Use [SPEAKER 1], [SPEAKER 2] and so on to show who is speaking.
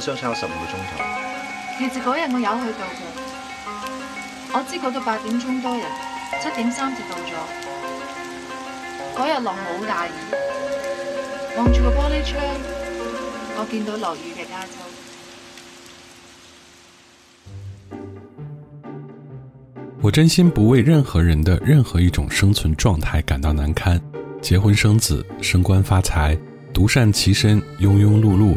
[SPEAKER 1] 相差十五個鐘頭。其實嗰日我有去到嘅，我知
[SPEAKER 2] 嗰度八點鐘多人，七點三就到咗。嗰日落好大雨，望住個玻璃窗，我見到落雨嘅加州。
[SPEAKER 3] 我真心不為任何人的任何一種生存狀態感到難堪，結婚生子、升官發財、獨善其身、庸庸碌碌。